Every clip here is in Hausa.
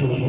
Yeah.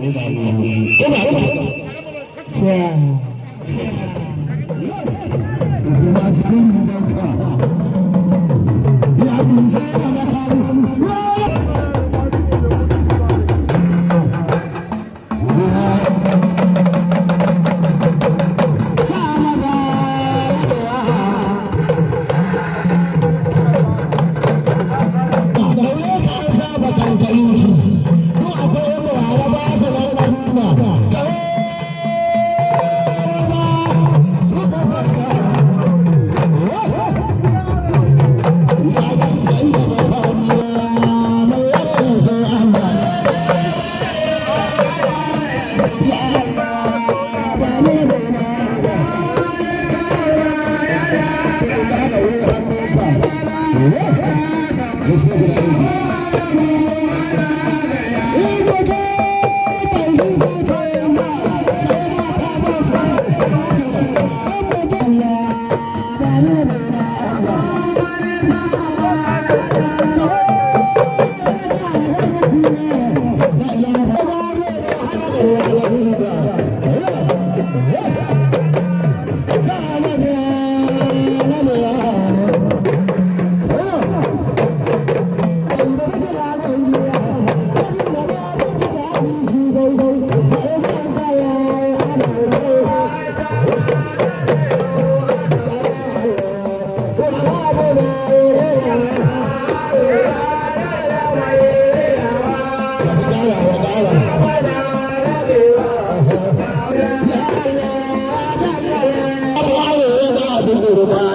Bye.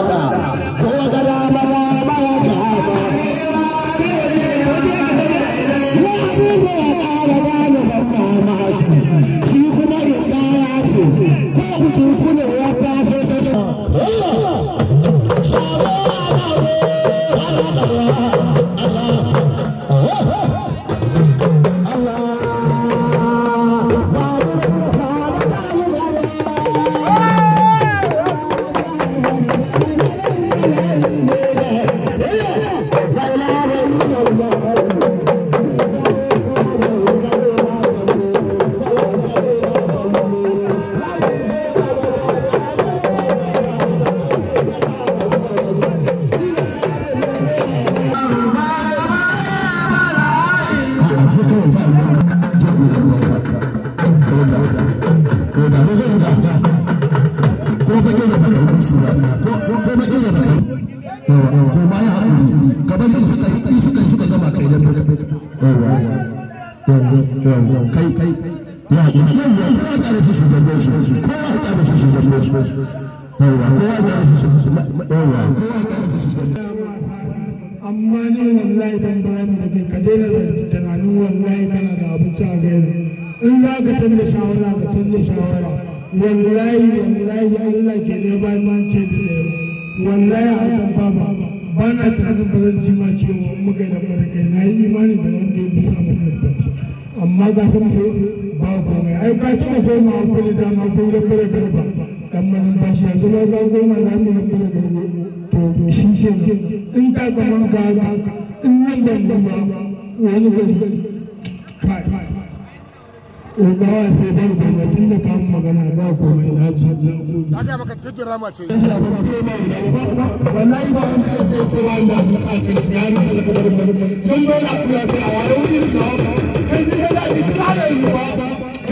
kowa ya su su su amma ne wallahi dan bayan da kai ka daina zargi tunanin wallahi kana da abinci a gairu in za ka canza shawara ka canza shawara wallahi wallahi Allah ke ne bayan man ke da yau wallahi a kan baba ba na tunanin ba zan ci ma cewa kai da kai na yi imani da wanda ya bisa mun amma ga san ai ka taba goma an kula da ma ko da da ba amma nan ba shi yanzu ba ga goma za mu kula da to shi shi. in ka ga man ga in nan da goma wani gari kai Ogawa sai ban goma tun da kan magana ba komai na ji. Na ga maka kirkira ma ce. Wallahi ba an kai sai ce ba da ta ce shi ya rufe da gurbin. Don dole a kula da a wani wuri da kai ne da ni tsare ba.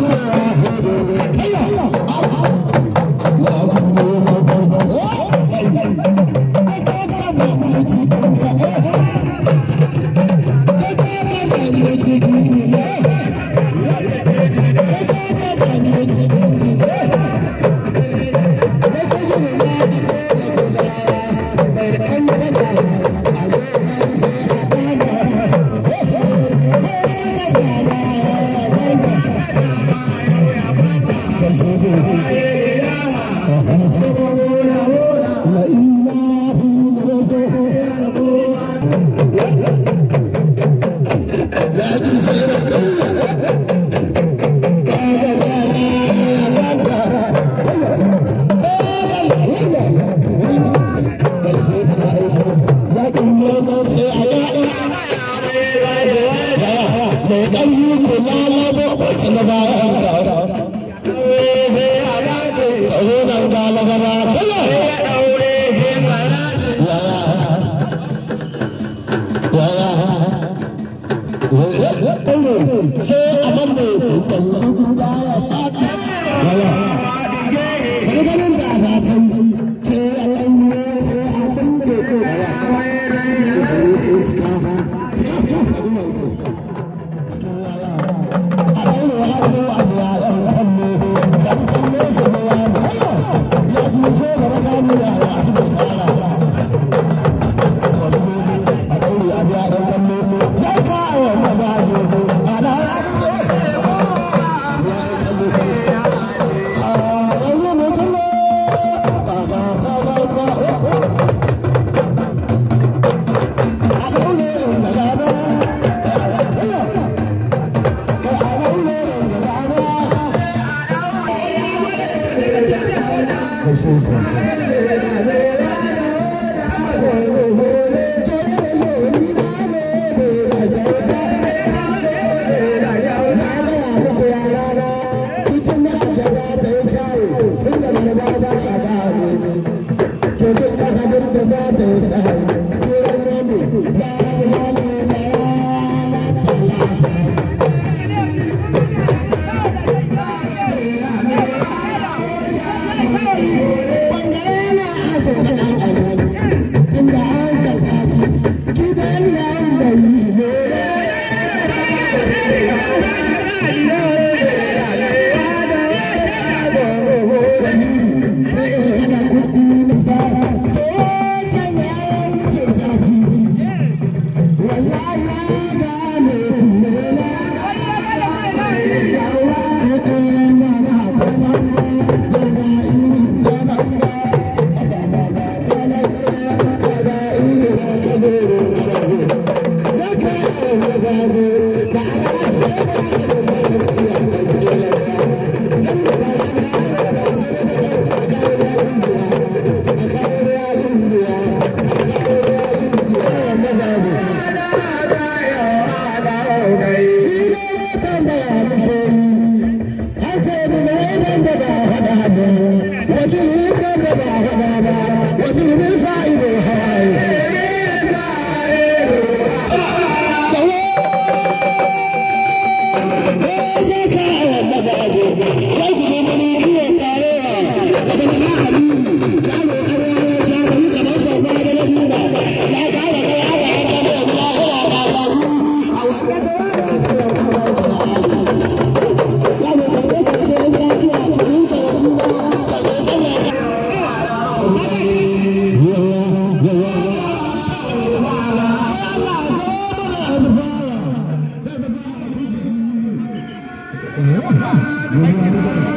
Mama. Boom! Baba. calidad. Come on. اوي اوي اوي اوي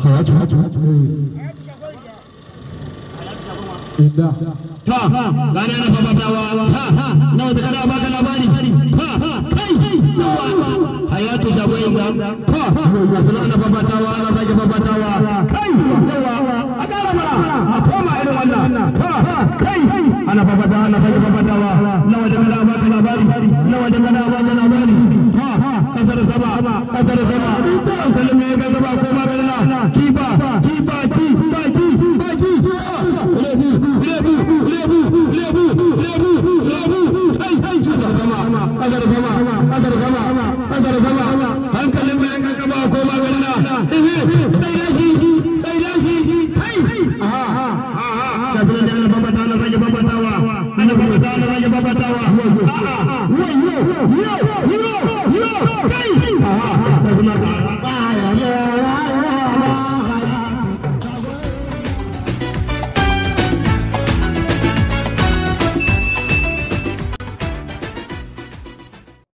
hayatu inda to a kara a koma irin